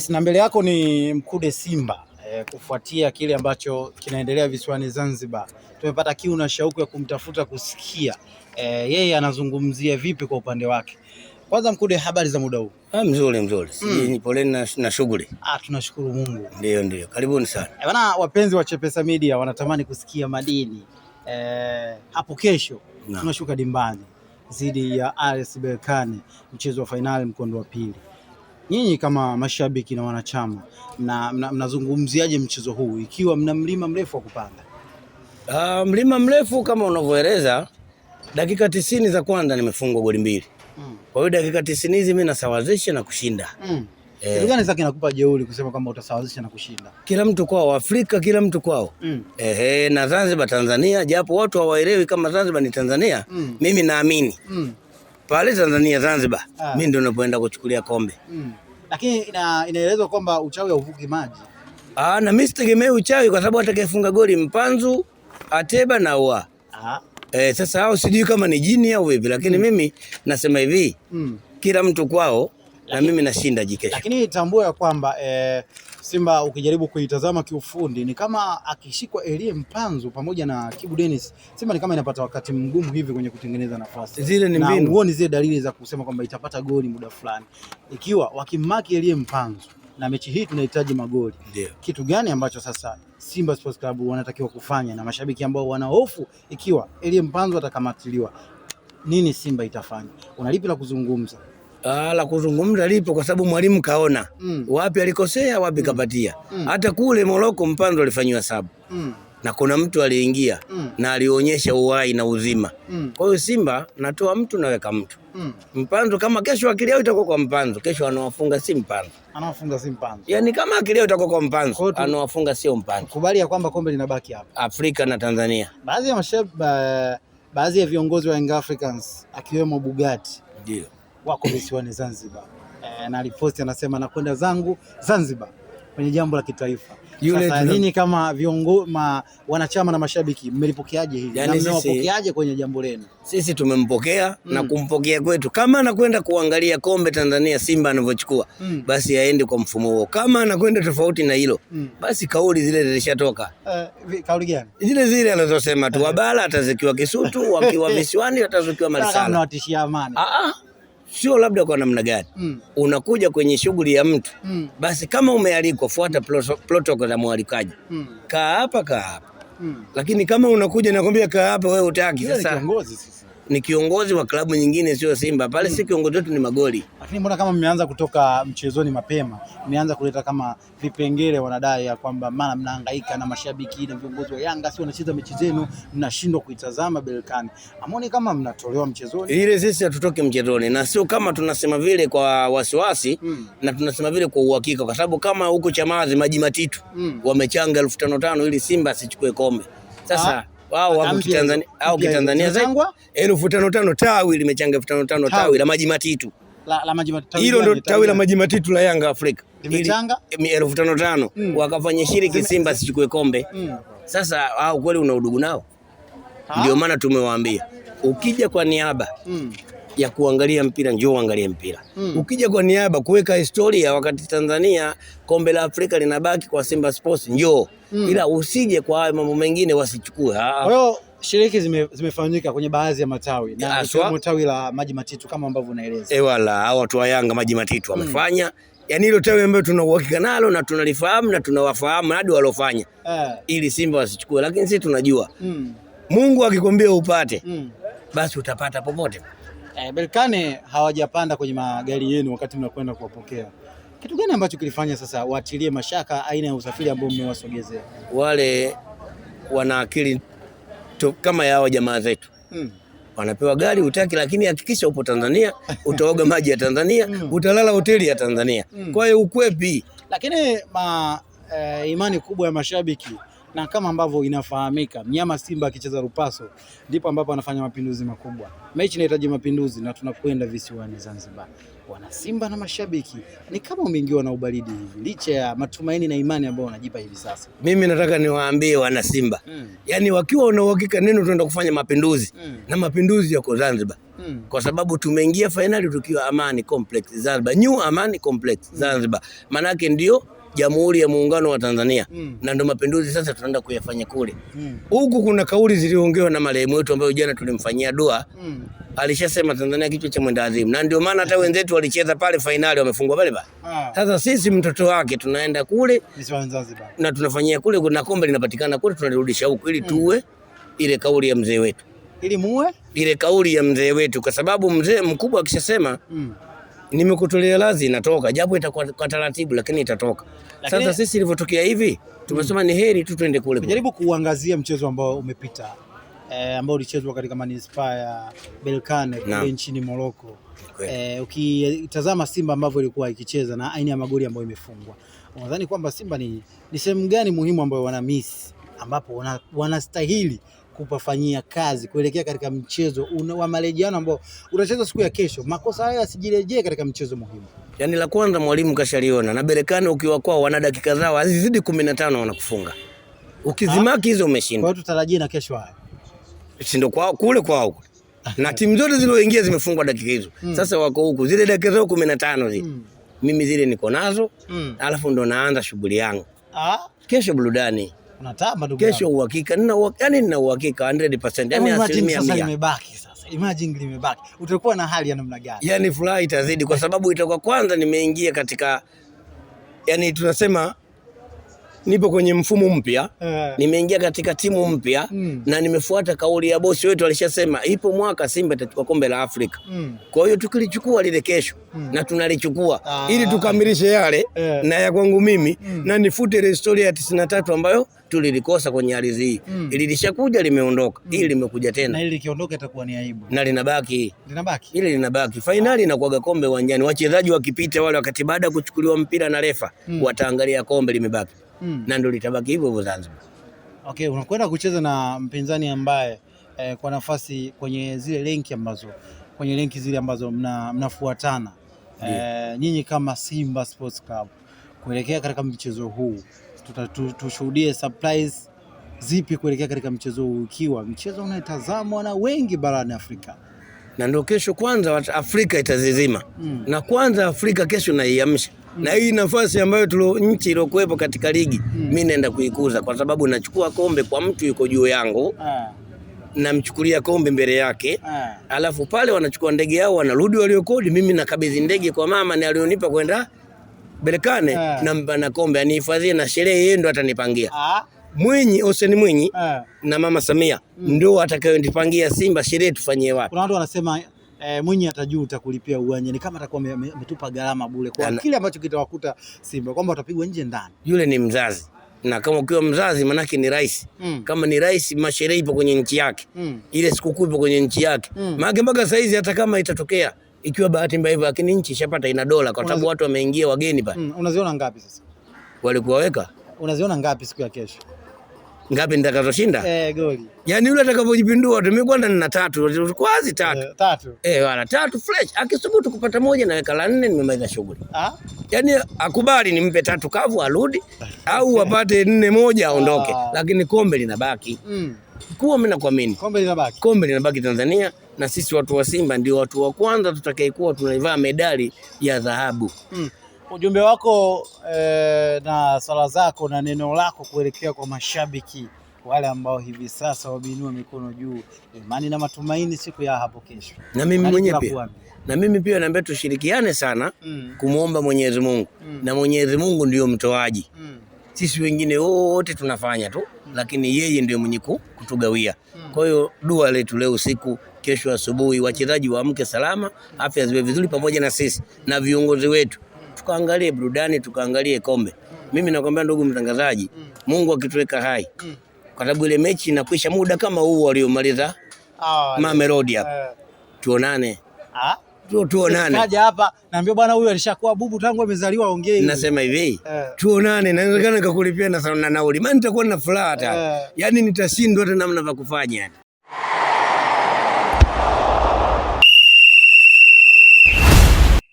Yes, na mbele yako ni Mkude Simba eh, kufuatia kile ambacho kinaendelea visiwani Zanzibar, tumepata kiu na shauku ya kumtafuta kusikia eh, yeye anazungumzia vipi kwa upande wake. Kwanza Mkude, habari za muda huu? Ah, mzuri mzuri. Mm. Poleni na, na shughuli. Ah, tunashukuru Mungu. Ndio ndio. Karibuni sana. Eh, bana wapenzi wa Chepesa Media wanatamani kusikia madini eh, hapo kesho tunashuka dimbani dhidi ya RS Berkane mchezo wa fainali mkondo wa pili nyinyi kama mashabiki na wanachama na mnazungumziaje mna mchezo huu ikiwa mna mlima mrefu wa kupanda? Uh, mlima mrefu kama unavyoeleza, dakika tisini za kwanza nimefungwa goli mbili mm. Kwa hiyo dakika tisini hizi mimi nasawazisha na kushinda mm. Eh, kitu gani sasa kinakupa jeuri kusema kwamba utasawazisha na kushinda? Kila mtu kwao, Afrika kila mtu kwao mm. Eh, na Zanzibar Tanzania, japo watu hawaelewi kama Zanzibar ni Tanzania mm. Mimi naamini mm pale Tanzania Zanzibar, ah. mimi ndio napoenda kuchukulia kombe mm. Lakini ina, inaelezwa kwamba uchawi hauvuki maji. Ah, na mimi sitegemei uchawi kwa sababu atakayefunga goli Mpanzu, Ateba na ua Eh, sasa hao sijui kama ni jini au vipi lakini mm. mimi nasema hivi mm. kila mtu kwao lakini, na mimi nashinda jikesho. Lakini tambua ya kwamba eh, Simba ukijaribu kuitazama kiufundi ni kama akishikwa Elie Mpanzu pamoja na Kibu Dennis, Simba ni kama inapata wakati mgumu hivi kwenye kutengeneza nafasi. Zile ni mbinu. Na huoni zile dalili za kusema kwamba itapata goli muda fulani. Ikiwa wakimaki Elie Mpanzu na mechi hii tunahitaji magoli. Yeah. Kitu gani ambacho sasa Simba Sports Club wanatakiwa kufanya na mashabiki ambao hofu ikiwa Elie Mpanzu atakamatiliwa? Nini Simba itafanya? Unalipi la kuzungumza? Ah, la kuzungumza lipo kwa sababu mwalimu kaona mm. wapi alikosea, wapi mm. kapatia mm. hata kule Moroko Mpando alifanywa sabu mm. na kuna mtu aliingia mm. na alionyesha uhai na uzima mm. kwa hiyo Simba natoa mtu naweka mtu mm. Mpando kama kesho akili yao itakuwa kwa Mpando, kesho anawafunga si Mpando, anawafunga si Mpando, yani kama akili yao itakuwa kwa Mpando, anawafunga sio Mpando. Kubali ya kwamba kombe linabaki hapa Afrika na Tanzania. Baadhi ya mashabiki, baadhi ya viongozi wa Young Africans akiwemo Bugatti ndio wako visiwani Zanzibar e, na aliposti anasema nakwenda zangu Zanzibar kwenye jambo la kitaifa. yule. Sasa nini kama viongo, ma, wanachama na mashabiki mmelipokeaje hivi yani, na mmewapokeaje kwenye jambo lenu? Sisi tumempokea mm. na kumpokea kwetu, kama anakwenda kuangalia kombe Tanzania Simba anavyochukua mm. basi aende kwa mfumo huo, kama anakwenda tofauti na hilo mm. basi kauli zile zilishatoka. Uh, kauli gani? Zile zile anazosema tu, eh. wabala atazikiwa Kisutu, wakiwa visiwani atazikiwa Marsala. Anawatishia amani. ah -ah sio labda kwa namna gani mm. unakuja kwenye shughuli ya mtu mm. basi kama umealikwa fuata protokoli za mwalikaji mm. kaa hapa kaa hapa mm. lakini kama unakuja nakwambia kaa hapa wewe utaki sasa ni kiongozi wa klabu nyingine, sio Simba pale mm. si kiongozi wetu ni magoli. Lakini mbona kama mmeanza kutoka mchezoni mapema, mmeanza kuleta kama vipengele wanadai ya kwamba maana mnahangaika na mashabiki na viongozi wa Yanga, sio wanacheza mechi zenu mnashindwa kuitazama Belkani, amoni kama mnatolewa mchezoni ile. Sisi hatutoki mchezoni na sio kama tunasema vile kwa wasiwasi mm. na tunasema vile kwa uhakika, kwa sababu kama huko Chamazi maji matitu mm. wamechanga elfu tano tano ili Simba asichukue kombe sasa Aa. Ah, wao wao Kitanzania au Kitanzania zaidi. Yaani tano tawi limechanga elfu tano tawi la maji matitu. La, la maji matitu. Hilo ndo tawi la maji matitu la Yanga Afrika. Limechanga elfu tano tano mm. wakafanya shiriki Simba sichukue kombe mm. Sasa au kweli una udugu nao, ndio maana tumewaambia ukija kwa niaba mm ya kuangalia mpira njoo angalie mpira mm. Ukija kwa niaba kuweka historia, wakati Tanzania kombe la Afrika linabaki kwa Simba Sports njoo mm. Ila usije kwa hayo mambo mengine wasichukue. Ah, ah. Kwa hiyo shiriki zime, zimefanyika kwenye baadhi ya matawi na ikiwemo tawi la maji matitu kama ambavyo unaeleza. Eh, wala hao watu wa Yanga maji matitu hmm. wamefanya mm. Yaani hilo tawi ambayo tuna uhakika nalo na tunalifahamu na tunawafahamu hadi walofanya eh. Ili Simba wasichukue, lakini sisi tunajua mm. Mungu akikwambia upate mm. basi utapata popote. mm eh, Berkane hawajapanda kwenye magari yenu wakati mnakwenda kuwapokea. Kitu gani ambacho kilifanya sasa waatilie mashaka aina ya usafiri ambao mmewasogezea? Wale wana akili kama yao jamaa zetu hmm. Wanapewa gari utaki, lakini hakikisha upo Tanzania, utaoga maji ya Tanzania mm. utalala hoteli ya Tanzania mm. kwa hiyo ukwepi, lakini ma, e, imani kubwa ya mashabiki na kama ambavyo inafahamika, mnyama Simba akicheza rupaso ndipo ambapo anafanya mapinduzi makubwa. Mechi inahitaji mapinduzi na tunakwenda visiwani Zanzibar. Wana Simba na mashabiki ni kama umeingiwa na ubaridi hivi, licha ya matumaini na imani ambayo wanajipa hivi sasa. Mimi nataka niwaambie wana Simba mm. yani wakiwa una uhakika neno tunaenda kufanya mapinduzi mm. na mapinduzi yako Zanzibar mm. kwa sababu tumeingia fainali tukiwa Amani Complex Zanzibar, New Amani Complex hmm. Zanzibar, manake ndio Jamhuri ya Muungano wa Tanzania mm. na ndo mapinduzi sasa tunaenda kuyafanya kule mm. huku mm. kuna kauli ziliongewa na marehemu wetu ambayo jana tulimfanyia dua mm. alishasema Tanzania kichwa cha mwenda azimu, na ndio maana hata wenzetu walicheza pale fainali wamefungwa pale pale. Ah. Sasa sisi mtoto wake tunaenda kule na tunafanyia kule, kuna kombe linapatikana kule, tunarudisha huku ili mm. tuwe ile kauli ya mzee wetu, ili muwe ile kauli ya mzee wetu, kwa sababu mzee mkubwa akishasema mm nimekutolea radhi, inatoka japo itakuwa kwa taratibu, lakini itatoka. Lakini sasa sisi ilivyotokea hivi tumesema ni heri tu tuende kule. Jaribu kuangazia mchezo ambao umepita eh, ambao ulichezwa katika manispaa ya Berkane kule nchini Morocco. Eh, ukitazama Simba ambavyo ilikuwa ikicheza na aina ya magoli ambayo imefungwa, unadhani kwamba Simba ni, ni sehemu gani muhimu ambayo wana miss ambapo wanastahili wana kupafanyia kazi kuelekea katika mchezo wa marejeano ambao unacheza siku ya kesho. Makosa hayo yasijirejee katika mchezo muhimu. Yaani la kwanza mwalimu kashaliona, na Berekani, ukiwa kwao wana dakika zao azizidi kumi na tano wanakufunga, ukizimaki ah. hizo umeshinda. Kwa hiyo tutarajie na kesho haya shindo kwao kule kwao na timu zote zilizoingia zimefungwa dakika hizo hmm. Sasa wako huku zile dakika zao kumi na tano zile hmm. Mimi zile niko nazo hmm. Alafu ndo naanza shughuli yangu ah. Kesho burudani unatamba ndugu Kesho uhakika nina yani nina uhakika 100%. Yani asilimia 100. Sasa imebaki sasa. Imagine limebaki. Utakuwa na hali ya namna gani? Yani furaha itazidi kwa sababu itakuwa kwanza nimeingia katika yani tunasema nipo kwenye mfumo mpya yeah. Nimeingia katika timu mpya mm. Na nimefuata kauli ya bosi wetu, alishasema ipo mwaka Simba itachukua kombe la Afrika mm. Kwa hiyo tukilichukua lile kesho mm. Na tunalichukua ah. Ili tukamilishe yale yeah. Na ya kwangu mimi mm. Na nifute ile historia ya 93 ambayo tulilikosa kwenye ardhi hii mm. ili lishakuja limeondoka mm. ili limekuja tena na ili likiondoka itakuwa ni aibu na linabaki linabaki ili linabaki fainali inakuaga kombe uwanjani wachezaji wakipita wale wakati baada ya kuchukuliwa mpira na refa mm. wataangalia kombe limebaki mm. na ndio litabaki hivyo hivyo Zanzibar okay unakwenda kucheza na mpinzani ambaye eh, kwa nafasi kwenye zile lenki ambazo kwenye lenki zile ambazo mnafuatana mna eh, nyinyi kama Simba Sports Club kuelekea katika mchezo huu tushuhudie surprise zipi kuelekea katika mchezo huu, ukiwa mchezo unaetazamwa na wengi barani Afrika na ndio kesho kwanza Afrika itazizima mm. na kwanza Afrika kesho naiamsha mm. na hii nafasi ambayo tulo nchi iliyokuwepo katika ligi mm. mimi naenda kuikuza kwa sababu nachukua kombe kwa mtu yuko juu yangu ah. namchukulia kombe mbele yake ah. alafu pale wanachukua ndege yao wanarudi waliokodi, mimi nakabidhi ndege kwa mama ni alionipa kwenda Belekane eh. nampa na kombe anihifadhie na sherehe yeye ndo atanipangia. Ah. Mwinyi Hussein Mwinyi eh. na Mama Samia mm. ndio atakayonipangia Simba sherehe tufanyie wapi. Kuna watu wanasema E, Mwinyi atajuta kulipia uwanja, ni kama atakuwa ametupa gharama bure kwa kile ambacho kitawakuta Simba, kwamba watapigwa nje ndani. Yule ni mzazi, na kama ukiwa mzazi manake ni rais mm. kama ni rais, masherehe ipo kwenye nchi yake mm. ile sikukuu ipo kwenye nchi yake mm. maana mpaka saizi hata kama itatokea ikiwa bahati mbaya hivyo, lakini nchi ishapata ina dola, kwa sababu watu wameingia wageni pale. Mm, unaziona ngapi sasa walikuwa weka, unaziona ngapi siku ya kesho, ngapi nitakazoshinda? Eh, goli Yaani yule atakapojipindua tu. Mimi kwanza nina tatu kwazi tatu eh, tatu eh, wala tatu fresh. Akisubutu kupata moja, naweka la nne, nimemaliza shughuli ah. Yaani akubali nimpe tatu kavu arudi, au apate nne moja aondoke, ah. lakini kombe linabaki mm. Kuwa mimi nakuamini kombe linabaki, kombe linabaki Tanzania na sisi watu wa Simba ndio watu wa kwanza tutakayekuwa tunaivaa medali ya dhahabu. hmm. Ujumbe wako e, na sala zako na neno lako kuelekea kwa mashabiki wale ambao hivi sasa wameinua mikono juu, imani na matumaini siku ya hapo kesho. Na mimi mwenyewe pia na mimi pia naambia tushirikiane sana mm. kumwomba Mwenyezi Mungu mm. na Mwenyezi Mungu ndiyo mtoaji mm. sisi wengine wote tunafanya tu mm. lakini yeye ndiyo mwenye kutugawia mm. kwa hiyo dua letu leo usiku kesho asubuhi wa wachezaji waamke salama, afya ziwe vizuri, pamoja na sisi na viongozi wetu, tukaangalie burudani, tukaangalie kombe. Mimi nakwambia ndugu mtangazaji, Mungu akituweka hai, kwa sababu ile mechi inakwisha muda kama huu waliomaliza ah, Mamelodi hapa, eh. tuonane ah? tuonane kaja hapa, naambia bwana, huyu alishakuwa bubu tangu amezaliwa, ongee. Nasema hivi eh. tuonane, nawezekana nikakulipia na nauli, maana nitakuwa na furaha hata, eh. yani nitashindwa hata namna ya kufanya.